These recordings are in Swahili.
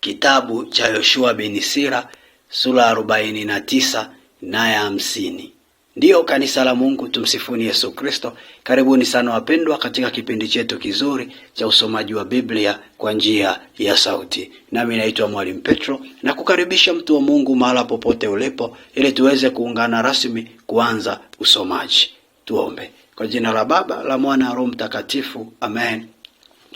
Kitabu cha Yoshua bin Sira sura arobaini na tisa na ya hamsini. Ndiyo kanisa la Mungu, tumsifuni Yesu Kristo. Karibuni sana wapendwa, katika kipindi chetu kizuri cha usomaji wa Biblia kwa njia ya sauti. Nami naitwa Mwalimu Petro na kukaribisha mtu wa Mungu mahala popote ulipo, ili tuweze kuungana rasmi kuanza usomaji. Tuombe. Kwa jina la Baba la Mwana Roho Mtakatifu, amen.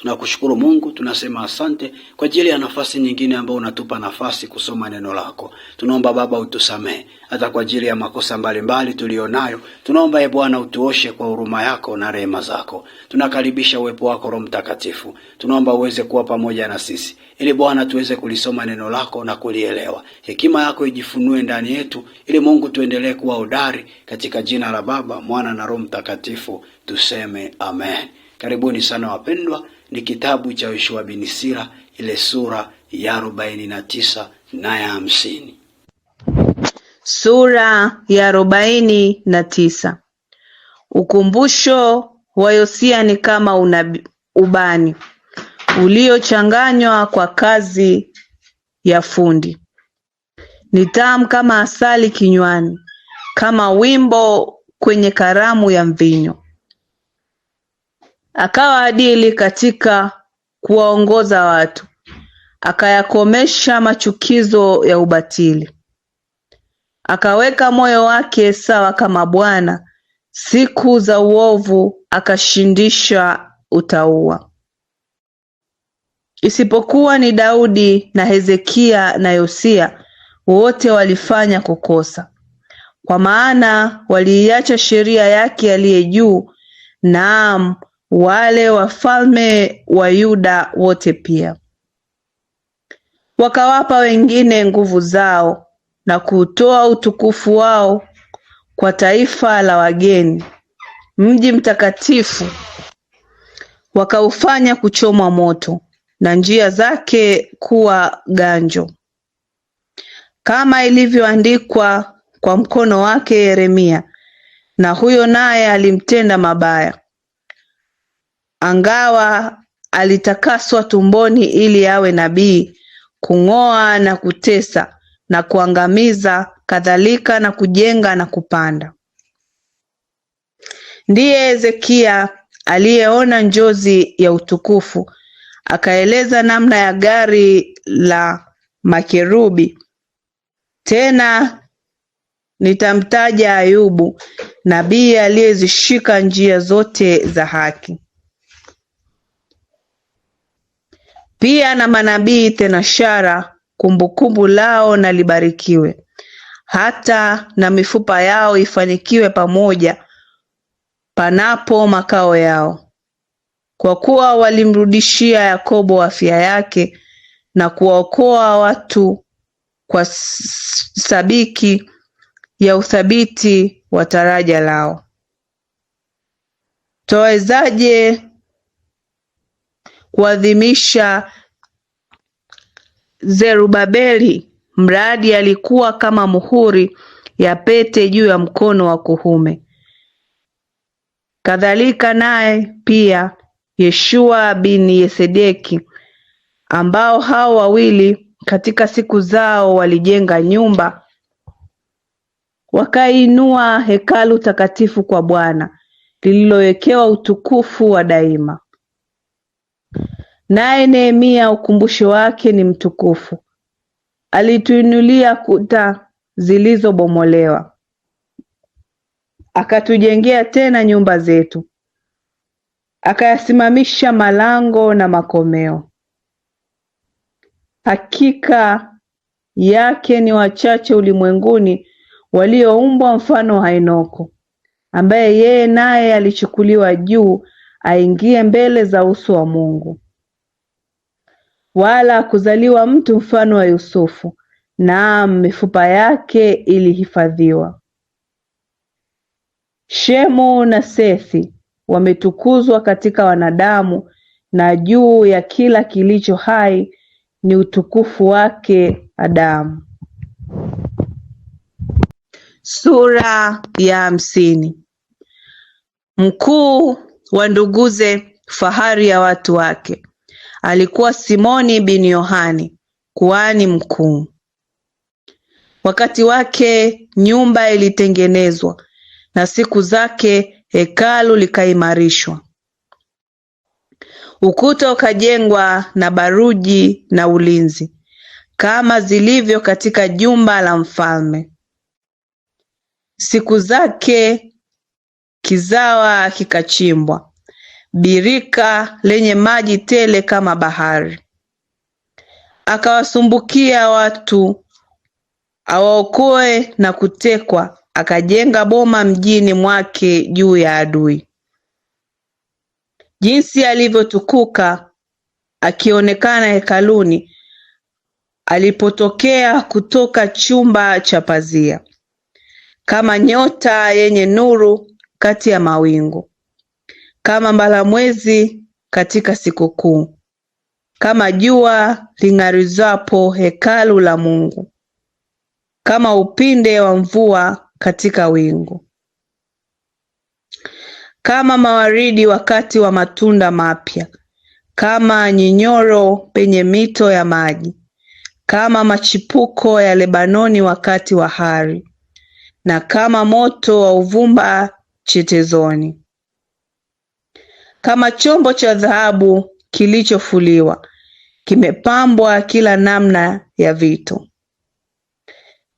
Tunakushukuru Mungu, tunasema asante kwa ajili ya nafasi nyingine ambayo unatupa nafasi kusoma neno lako. Tunaomba Baba utusamehe hata kwa ajili ya makosa mbalimbali tuliyonayo. Tunaomba e Bwana utuoshe kwa huruma yako na rehema zako. Tunakaribisha uwepo wako Roho Mtakatifu, tunaomba uweze kuwa pamoja na sisi ili Bwana tuweze kulisoma neno lako na kulielewa. Hekima yako ijifunue ndani yetu, ili Mungu tuendelee kuwa hodari, katika jina la Baba, Mwana na Roho Mtakatifu tuseme amen. Karibuni sana wapendwa ni kitabu cha Yoshua bin Sira ile sura ya arobaini na tisa na ya hamsini. Sura ya arobaini na tisa. Ukumbusho wa Yosia ni kama unabi, ubani uliochanganywa kwa kazi ya fundi, ni tamu kama asali kinywani, kama wimbo kwenye karamu ya mvinyo. Akawa adili katika kuwaongoza watu, akayakomesha machukizo ya ubatili, akaweka moyo wake sawa kama Bwana, siku za uovu akashindisha utaua Isipokuwa ni Daudi na Hezekia na Yosia, wote walifanya kukosa, kwa maana waliiacha sheria yake aliye juu, naam wale wafalme wa Yuda wote pia. Wakawapa wengine nguvu zao na kutoa utukufu wao kwa taifa la wageni, mji mtakatifu wakaufanya kuchomwa moto na njia zake kuwa ganjo, kama ilivyoandikwa kwa mkono wake Yeremia, na huyo naye alimtenda mabaya angawa alitakaswa tumboni ili awe nabii, kung'oa na kutesa na kuangamiza, kadhalika na kujenga na kupanda. Ndiye Hezekia aliyeona njozi ya utukufu, akaeleza namna ya gari la makerubi. Tena nitamtaja Ayubu nabii aliyezishika njia zote za haki. pia na manabii tena shara Kumbukumbu lao na libarikiwe, hata na mifupa yao ifanikiwe pamoja panapo makao yao, kwa kuwa walimrudishia Yakobo afya yake na kuwaokoa watu kwa sabiki ya uthabiti wa taraja lao. Twawezaje kuadhimisha Zerubabeli mradi alikuwa kama muhuri ya pete juu ya mkono wa kuhume Kadhalika naye pia Yeshua bin Yesedeki ambao hao wawili katika siku zao walijenga nyumba wakainua hekalu takatifu kwa Bwana lililowekewa utukufu wa daima naye nehemia ukumbusho wake ni mtukufu, alituinulia kuta zilizobomolewa, akatujengea tena nyumba zetu, akayasimamisha malango na makomeo. Hakika yake ni wachache ulimwenguni walioumbwa mfano wa Henoko, ambaye yeye naye alichukuliwa juu aingie mbele za uso wa Mungu wala kuzaliwa mtu mfano wa Yusufu; naam mifupa yake ilihifadhiwa. Shemu na Sethi wametukuzwa katika wanadamu, na juu ya kila kilicho hai ni utukufu wake Adamu. Sura ya hamsini. Mkuu wa nduguze, fahari ya watu wake alikuwa Simoni bin Yohani, kuhani mkuu. Wakati wake nyumba ilitengenezwa, na siku zake hekalu likaimarishwa. Ukuta ukajengwa na baruji na ulinzi, kama zilivyo katika jumba la mfalme. Siku zake kizawa kikachimbwa birika lenye maji tele kama bahari. Akawasumbukia watu awaokoe na kutekwa, akajenga boma mjini mwake juu ya adui. Jinsi alivyotukuka akionekana hekaluni alipotokea kutoka chumba cha pazia, kama nyota yenye nuru kati ya mawingu kama mwezi katika sikukuu, kama jua lingarizapo hekalu la Mungu, kama upinde wa mvua katika wingu, kama mawaridi wakati wa matunda mapya, kama nyinyoro penye mito ya maji, kama machipuko ya Lebanoni wakati wa hari, na kama moto wa uvumba chetezoni kama chombo cha dhahabu kilichofuliwa, kimepambwa kila namna ya vitu,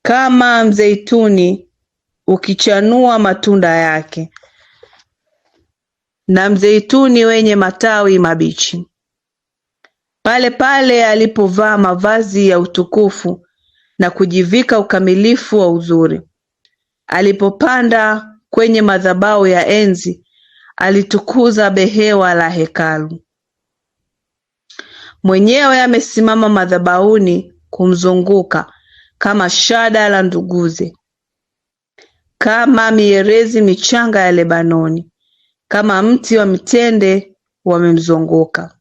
kama mzeituni ukichanua matunda yake, na mzeituni wenye matawi mabichi. Pale pale alipovaa mavazi ya utukufu na kujivika ukamilifu wa uzuri, alipopanda kwenye madhabahu ya enzi alitukuza behewa la hekalu. Mwenyewe amesimama madhabahuni kumzunguka kama shada la nduguze, kama mierezi michanga ya Lebanoni, kama mti wa mitende wamemzunguka.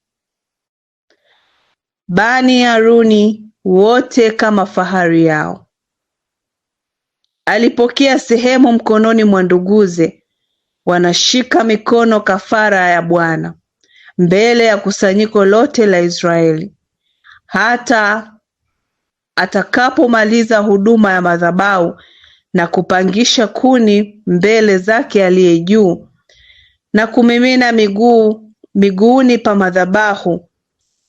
Bani Haruni wote kama fahari yao. Alipokea sehemu mkononi mwa nduguze wanashika mikono kafara ya Bwana mbele ya kusanyiko lote la Israeli hata atakapomaliza huduma ya madhabahu na kupangisha kuni mbele zake aliye juu na kumimina miguu miguuni pa madhabahu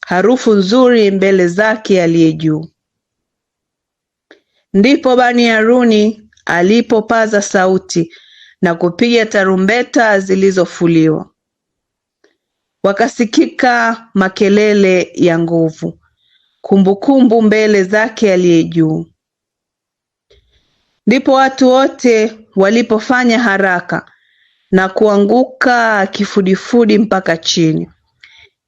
harufu nzuri mbele zake aliye juu. Ndipo Bani Haruni alipopaza sauti na kupiga tarumbeta zilizofuliwa. Wakasikika makelele ya nguvu, kumbukumbu mbele zake aliye juu. Ndipo watu wote walipofanya haraka na kuanguka kifudifudi mpaka chini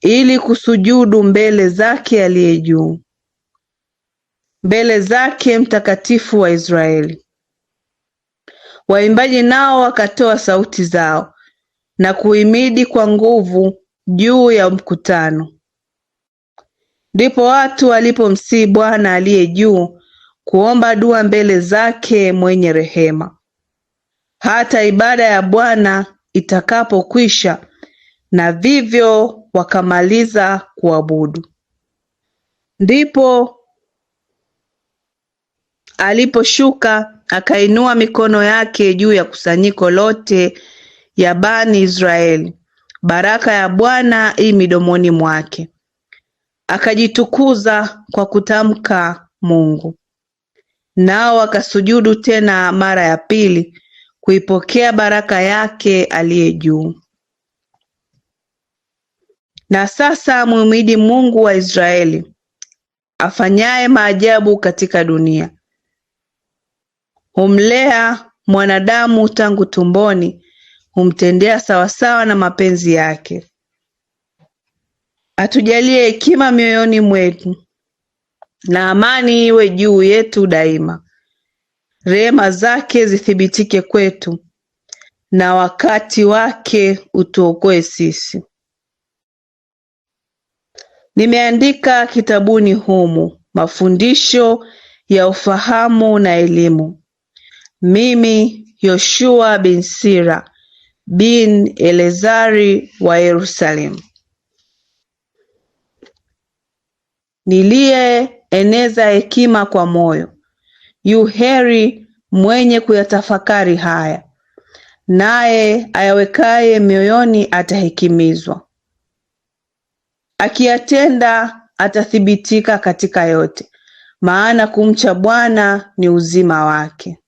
ili kusujudu mbele zake aliye juu, mbele zake mtakatifu wa Israeli. Waimbaji nao wakatoa sauti zao na kuhimidi kwa nguvu juu ya mkutano. Ndipo watu walipomsii Bwana aliye juu kuomba dua mbele zake mwenye rehema, hata ibada ya Bwana itakapokwisha, na vivyo wakamaliza kuabudu ndipo Aliposhuka akainua mikono yake juu ya kusanyiko lote ya Bani Israeli, baraka ya Bwana i midomoni mwake, akajitukuza kwa kutamka Mungu. Nao akasujudu tena mara ya pili kuipokea baraka yake aliye juu. Na sasa muhimidi Mungu wa Israeli afanyaye maajabu katika dunia humlea mwanadamu tangu tumboni, humtendea sawasawa na mapenzi yake. Atujalie hekima mioyoni mwetu na amani iwe juu yetu daima. Rehema zake zithibitike kwetu na wakati wake utuokoe sisi. Nimeandika kitabuni humu mafundisho ya ufahamu na elimu mimi Yoshua bin Sira bin Elezari wa Yerusalemu, niliyeeneza hekima kwa moyo, yu heri mwenye kuyatafakari haya, naye ayawekaye mioyoni atahekimizwa; akiyatenda atathibitika katika yote, maana kumcha Bwana ni uzima wake.